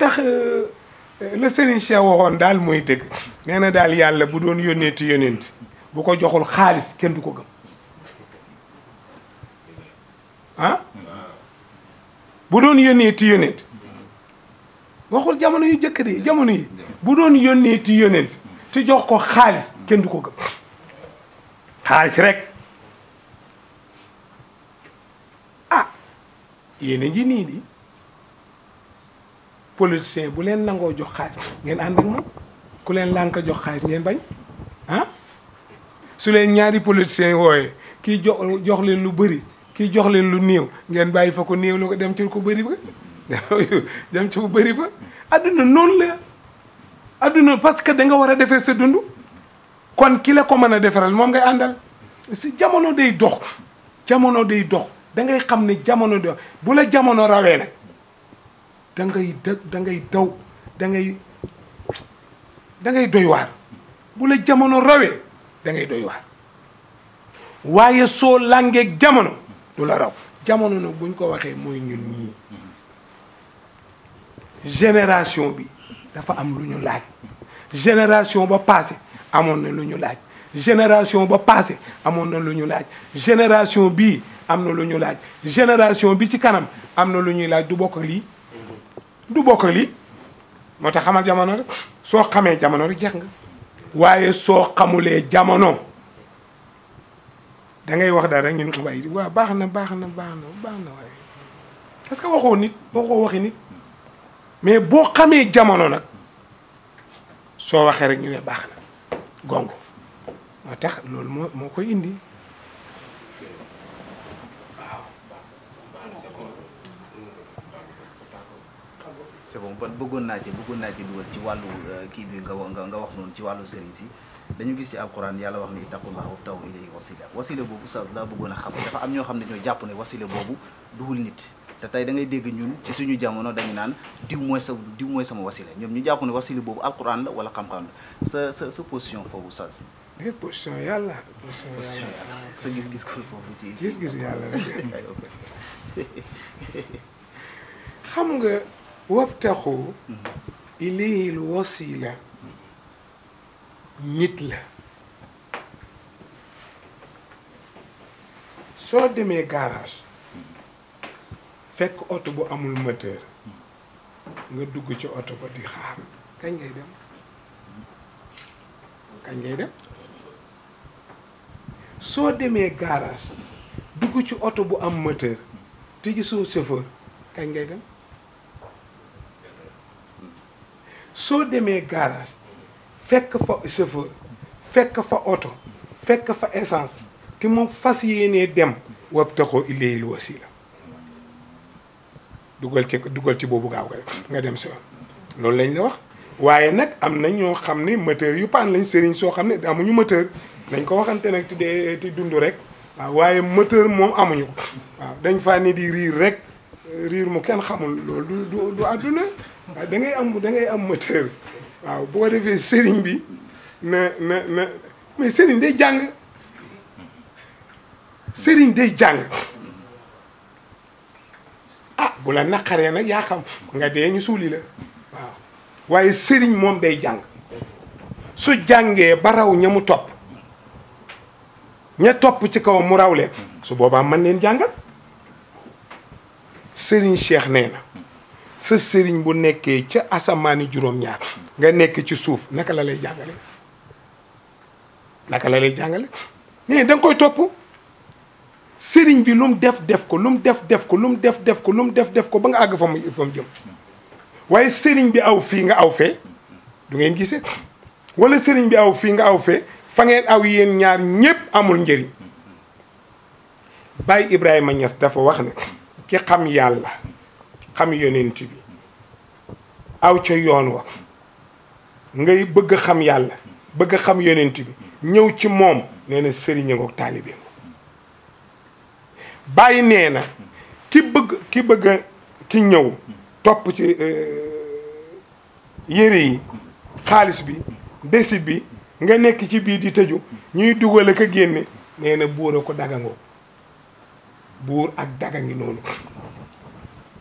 tax euh, euh, la Serigne Cheikh waxoon daal mooy dëgg nee na daal yàlla bu doon yónneeti yónneent bu ko joxul xaalis kenn du ko gëm ah bu doon yónneeti yónneent waxul jamono yu jëkk de jamono yi bu doon yónneeti yónneent te jox ko xaalis kenn du ko gëm xaalis rek ah yéen a ngi nii di politicien bu leen nangoo jox xaalis ngeen ànd ak moom ku leen lànk jox xaalis ngeen bañ ah su leen ñaari politicien wooyee kii jox jox leen lu bëri kii jox leen lu néew ngeen bàyyi fa ko néew lu ko dem ci ko bëri ba ci ko bëri ba adduna noonu la adduna parce que da nga war a defee sa dund kon ki la ko mën a defaral moom ngay àndal si jamono day dox jamono day dox dangay xam ne jamono day dox bu la jamono rawee nag da ngay da ngay daw da ngay da ngay doy waar bu la jamono rawee da ngay doy waar waaye soo làngeeg jamono du la raw jamono nag buñ ko waxee mooy ñun ñii génération bi dafa am lu ñu laaj génération ba amoon na lu ñu laaj génération ba amoon na lu ñu laaj génération bii am na lu ñu laaj génération bi ci kanam am na lu ñuy laaj du bokk lii du bokk lii moo tax xamal jamono rek soo xamee jamono rek jeex nga waaye soo xamulee jamono da ngay wax dara rek ñun waaye waaw baax na baax na baax na baax na waaye parce que waxoo nit boo koo waxi nit mais boo xamee jamono nag soo waxee rek ñu ne baax na gongo moo tax loolu moo moo koy indi c'est bon ban bëggoon naa ci bëggoon naa ci dugal ci wàllu euh, kii bi nga nga nga wax noonu ci wàllu sëriñ si dañu gis ci alquran yàlla wax ni ittaqullaha wabtagu ilayhi wasila wasila boobu sa laa bëggoon a xam dafa am ñoo xam ne ñoo jàpp ne wasila boobu duwul nit te tey da ngay dégg ñun ci suñu jamono dañu naan diw mooy sa diw mooy sama wasila ñoom ñu jàpp ne wasila boobu alquran la wala xam-xam la sa sa sa position foofu sa eh, mais position yàlla position yàlla sa gis-gis ko foofu ci gis-gis yàlla wabtaxu taxu lu wasila nit la soo demee garage fekk oto bu amul moteur nga dugg ci oto ba di xaar kañ ngay dem kañ ngay dem soo demee garage dugg ci oto bu am moteur te gisoo chauffeur kañ ngay dem soo demee garage fekk fa chauffeur fekk fa oto fekk fa essence ti mu fas yéenee dem wab taxoo illayil wasila dugal ci dugal ci boobu gaaw koy nga dem si loolu lañ la wax waaye nag am na ñoo xam ne moteur yu paan lañ sëriñ soo xam ne ñu moteur dañ ko waxante nag ti dee ti dund rek waaw waaye moteur moom amuñu ko waaw dañ fa ni di riir rek riir mu kenn xamul loolu du du du àdduna a da ngay am da ngay am moteur waaw boo defee sëriñ bi na na na mais sëriñ day jàng sëriñ day jàng ah bu la naqaree nag yaa xam nga dee ñu suuli la waaye sëriñ moom day jàng su jàngee ba raw ña mu topp ña topp ci kaw mu raw leen su boobaa man leen jàngal sëriñ Cheikh nee sa sëriñ bu nekkee ca asamaani juróom-ñaar nga nekk ci suuf naka la lay jàngale naka la lay jàngale mais da nga koy topp sëriñ bi lu mu def def ko lu mu def def ko lu mu def def ko lu mu def def ko ba nga àgg fa mu fa jëm waaye sëriñ bi aw fii nga aw fee du ngeen gisee walla sëriñ bi aw fii nga aw fee fa ngeen aw yéen ñaar ñépp amul njëriñ Baye Ibrahima Niass dafa wax ne ki xam yàlla xam yonent bi aw ca yoon wa ngay bëgg xam yàlla bëgg xam yonent bi ñëw ci moom nee na sëriñ ngoog taalibe bàyyi nee na ki bëgg ki bëgg ki ñëw topp ci euh, yére yi xaalis bi desit bi nga nekk ci biir di tëju ñuy dugal ak a génne nee buur a ko dagango buur ak dagangi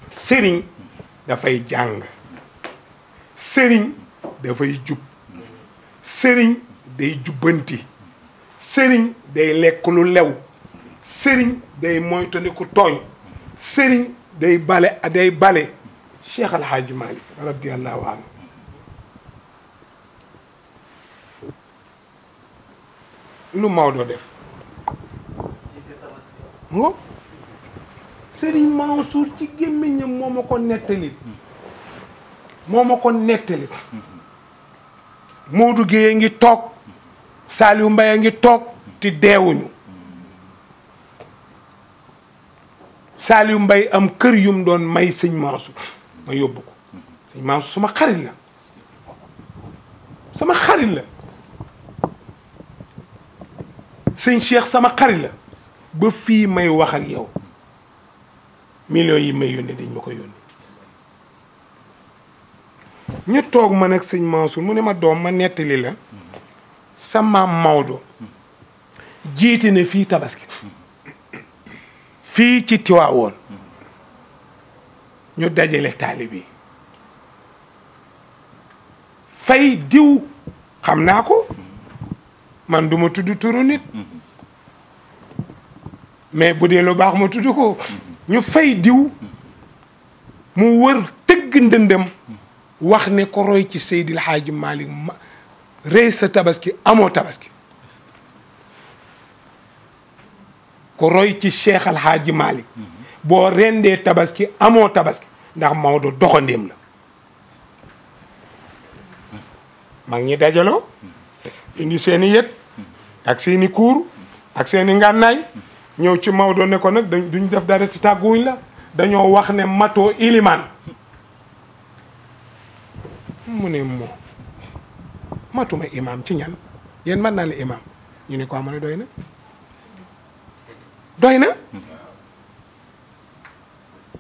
sëriñ dafay jàng sëriñ dafay jub sëriñ day jubbanti sëriñ day lekk lu lew sëriñ day moytandiku tooñ sëriñ day bale day bale cheikh alhaaji malik radiallahu anhu lu Maodo def Serigne Mansour ci gémmiñam moo ma ko nettali moo ma ko nettali Modou Guèye ngi toog Saliou mbay a ngi toog ti deewuñu Saliou mbay am kër yum doon may sëñ Mansour ma yóbbu ko sëñ Mansour sama xarit la sama xarit la sëñ Cheikh sama xarit la ba fii may wax ak yow million yi may yónnee dañ ma ko yónnee ñu toog ma nag sëñ Mansour mu ne ma doom ma nettali la sa maam Maodo jiite na fii tabaski fii ci Tiwaawoon ñu dajale taalibe fay diw xam naa ko man du ma tudd turu nit mm-hmm. mais bu dee lu baax ma tudd ko ñu fay diw mu wër tëgg ndëndam wax ne ko roy ci Seydil Haaji Malick rey sa tabaski amoo tabaski ko roy ci Cheikh Al Haaji boo rendee tabaski amoo tabaski ndax Maodo doxandéem la mag ñi dajaloo indi seeni yët ak seeni kuur ak seeni ngànnaay ñëw ci Maodo ne ko nag duñ def dara ci tàgguwuñ la dañoo wax ne matoo ilimaan mu ne moo matuma imaam ci ñan yéen man naa ne imaam ñu ne ko amoon ne doy na doy na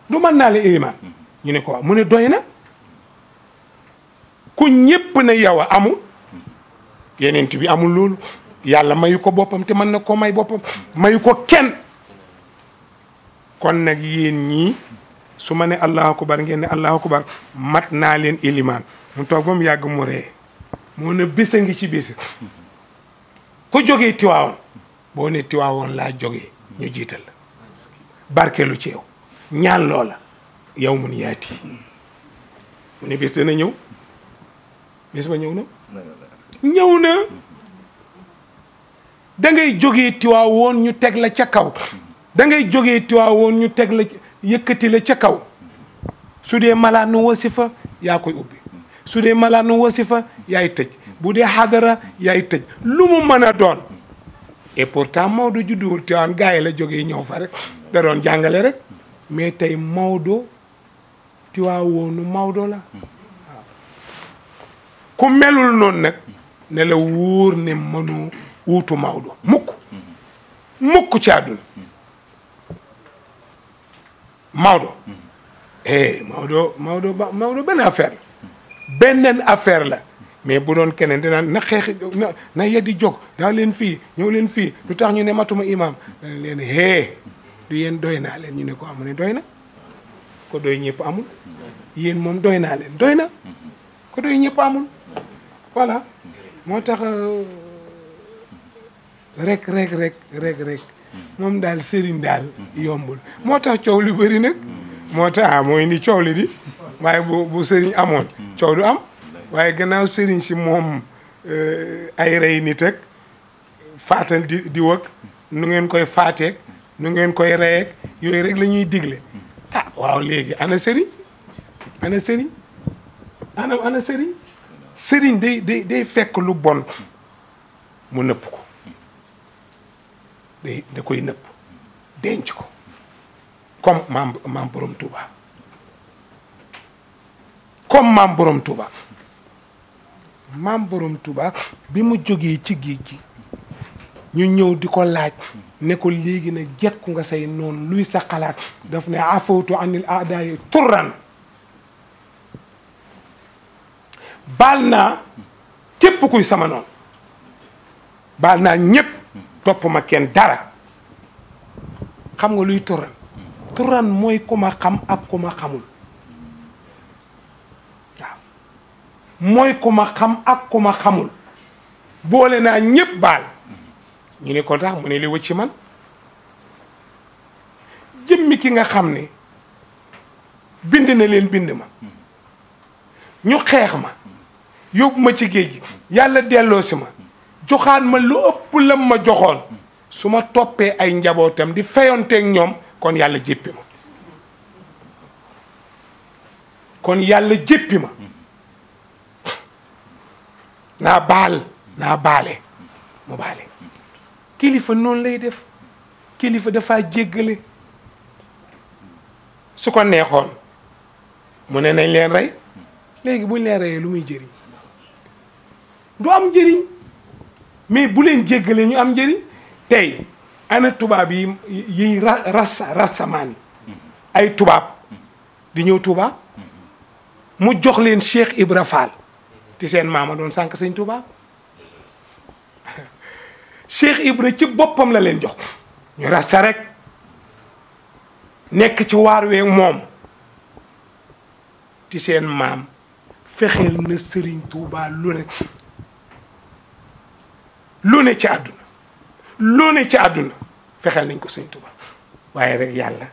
du mën naa ñu ne ko mu ne doy na ku ñépp na yow a amul yeneen bi amul loolu yàlla mayu ko boppam te mën na koo may boppam mayu ko kenn kon nag yéen ñii su ma ne allahu akbar ngeen ne allahu akbar mat naa leen ilimaan mu toog ba mu yàgg mu ree moo ngi ci bés ku jógee tiwaawoon boo ne tiwaawoon laa jógee ñu jiital la ci yow ñaan yow mun yaati mu ne bés dana ñëw bés ba ñëw na ñëw na dangay jóge jógee woon ñu teg la ca kaw da ngay jógee tiwaa woon ñu teg la yëkkati la ca kaw su dee malaanu wasifa yaa koy ubbi su dee malaanu wasifa yaay tëj bu dee xadara yaay tëj lu mu mën a doon et pourtant Maodo judduwul Tiwaawan gars yi la jógee ñëw fa rek da doon jàngale rek mais tey Maodo Tiwaawoonu Maodo la waaw ku melul noonu nag ne la wóor ne mënoo wuutu Maodo mukk mukk ci àdduna Maodo eh Maodo Maodo ba Maodo benn affaire la beneen affaire la mais bu doon keneen dinaan na xeex na na yeddi jóg daa leen fii ñëw leen fii lu tax ñu ne matuma imaam danañ leen hee eh, du yéen doy naa leen ñu ne ko amu ne doy na ko doy ñëpp amul yéen moom doy naa leen doy na ko doy ñëpp amul voilà moo tax euh, rek rek rek rek rek moom daal sëriñ daal yombul moo tax coow lu bëri nag moo tax ah mooy ni coow li di waaye bu bu sëriñ amoon coow du am waaye gannaaw sëriñ si moom eh, ay rey nit ak faatal di di wëg nu ngeen koy faateeg nu ngeen koy reyeeg yooyu rek la ñuy digle ah waaw léegi ana sëriñ ana sëriñ ana ana sëriñ sëriñ day day fekk lu bon mu nëpp day koy nëpp denc ko comme maam maam borom Touba comme maam borom Touba maam borom Touba bi mu jógee ci géej gi ñu ñëw di ko laaj ne ko léegi nag jekku nga say noon luy sa xalaat daf ne afawtu anil aadaayi turran baal naa képp kuy sama noonu baal naa ñëpp topp ma kenn dara xam nga luy turan turan mooy ku ma xam ak ku ma xamul mooy ku ma xam ak ku ma xamul boole naa ñëpp baal ñu ni ko tax mu ne li wëcc man jëmmi ki nga xam ni bind na leen bind ma ñu xeex ma yóbbu ma ci géej gi yàlla delloo si ma joxaat ma lu ëpp lam ma joxoon su ma toppee ay njabootam di fayonteeg ñoom kon yàlla jéppi yàlla jéppi ma naa baal naa baale mu baale kilifa noonu lay def kilifa dafa jéggale su ko neexoon mu ne nañ leen rey léegi buñ leen reyee lu muy jëriñ du am jëriñ mais bu leen jéggalee ñu am njëriñ tey ana tubaab yi yiy ra ras ay tubaab di ñëw tubaab mu jox leen Cheikh Ibra Fall te seen maama doon sànq sëñ tubaab Cheikh Ibra ci boppam la leen jox ñu rassa rek nekk ci waar wee moom ti seen maam fexeel na sëriñ Tuubaa lu ne lu ne ci àdduna lu ne ci àdduna fexeel nañ ko sëñ Tuubaa waaye rek yàlla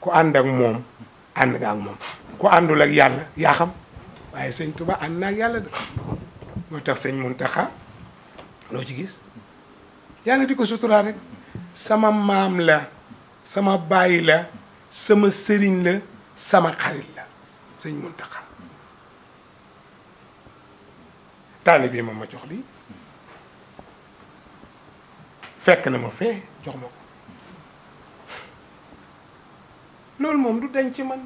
ku ànd ak moom ànd nga ak moom ko àndul ak yàlla yaa xam waaye sëñ tuba ànd naa ak yàlla de moo tax sëñ Muntaxa loo ci gis yàlla di ko suturaa rek sama maam la sama baay la sama sëriñ la sama xarit la sëñ Muntaxa taalibe bi moom ma jox bi fekk na ma fee jox ma ko loolu moom du dañ ci man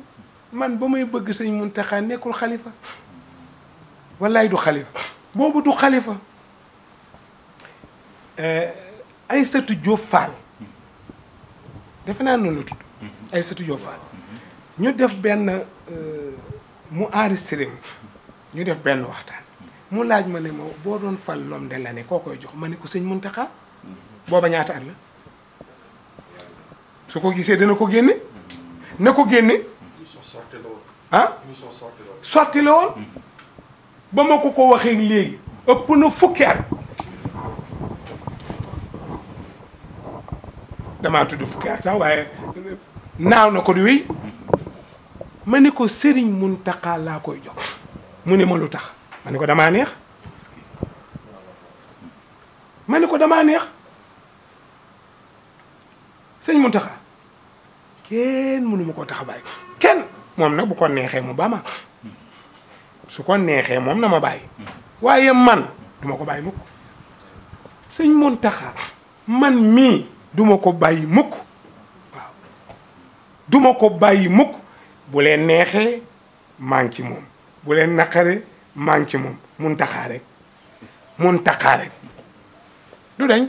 man ba may bëgg sëñ Muntaxa nekkul xalifa wallaay du xalifa boobu du xalifa eh, Aysatu Jóob Faal defe naa noonu la tudd mhm. Aysatu Jóob Faal ñu def benn eh, mu enregistré ñu def benn waxtaan mu laaj ma ne ma boo doon fal l'homme de l'année koo koy jox ma ne ko sëñ Muntaxa booba ñaata at la su ko gisee dana ko génne ne ko génne ah sotti la woon ba ma ko ko waxee léegi ëpp na fukki at damaa tudd fukki at sax waaye naaw na ko di wéy ma ne ko sëriñ Muntaxa laa koy jox mu ne ma lu tax ma ne ko damaa neex ma ne ko damaa neex sëñ Mountakha kenn mënu ma koo tax a bàyyi kenn moom na bu ko neexee mu baa ma su ko neexee moom na ma bàyyi waaye man duma ma ko bàyyi mukk sëñ Mountakha man mii duma ko bàyyi mukk duma ko bàyyi mukk bu leen neexee maa ngi ci moom bu leen naqare maa ngi ci moom Mountakha rek Mountakha rek du dañ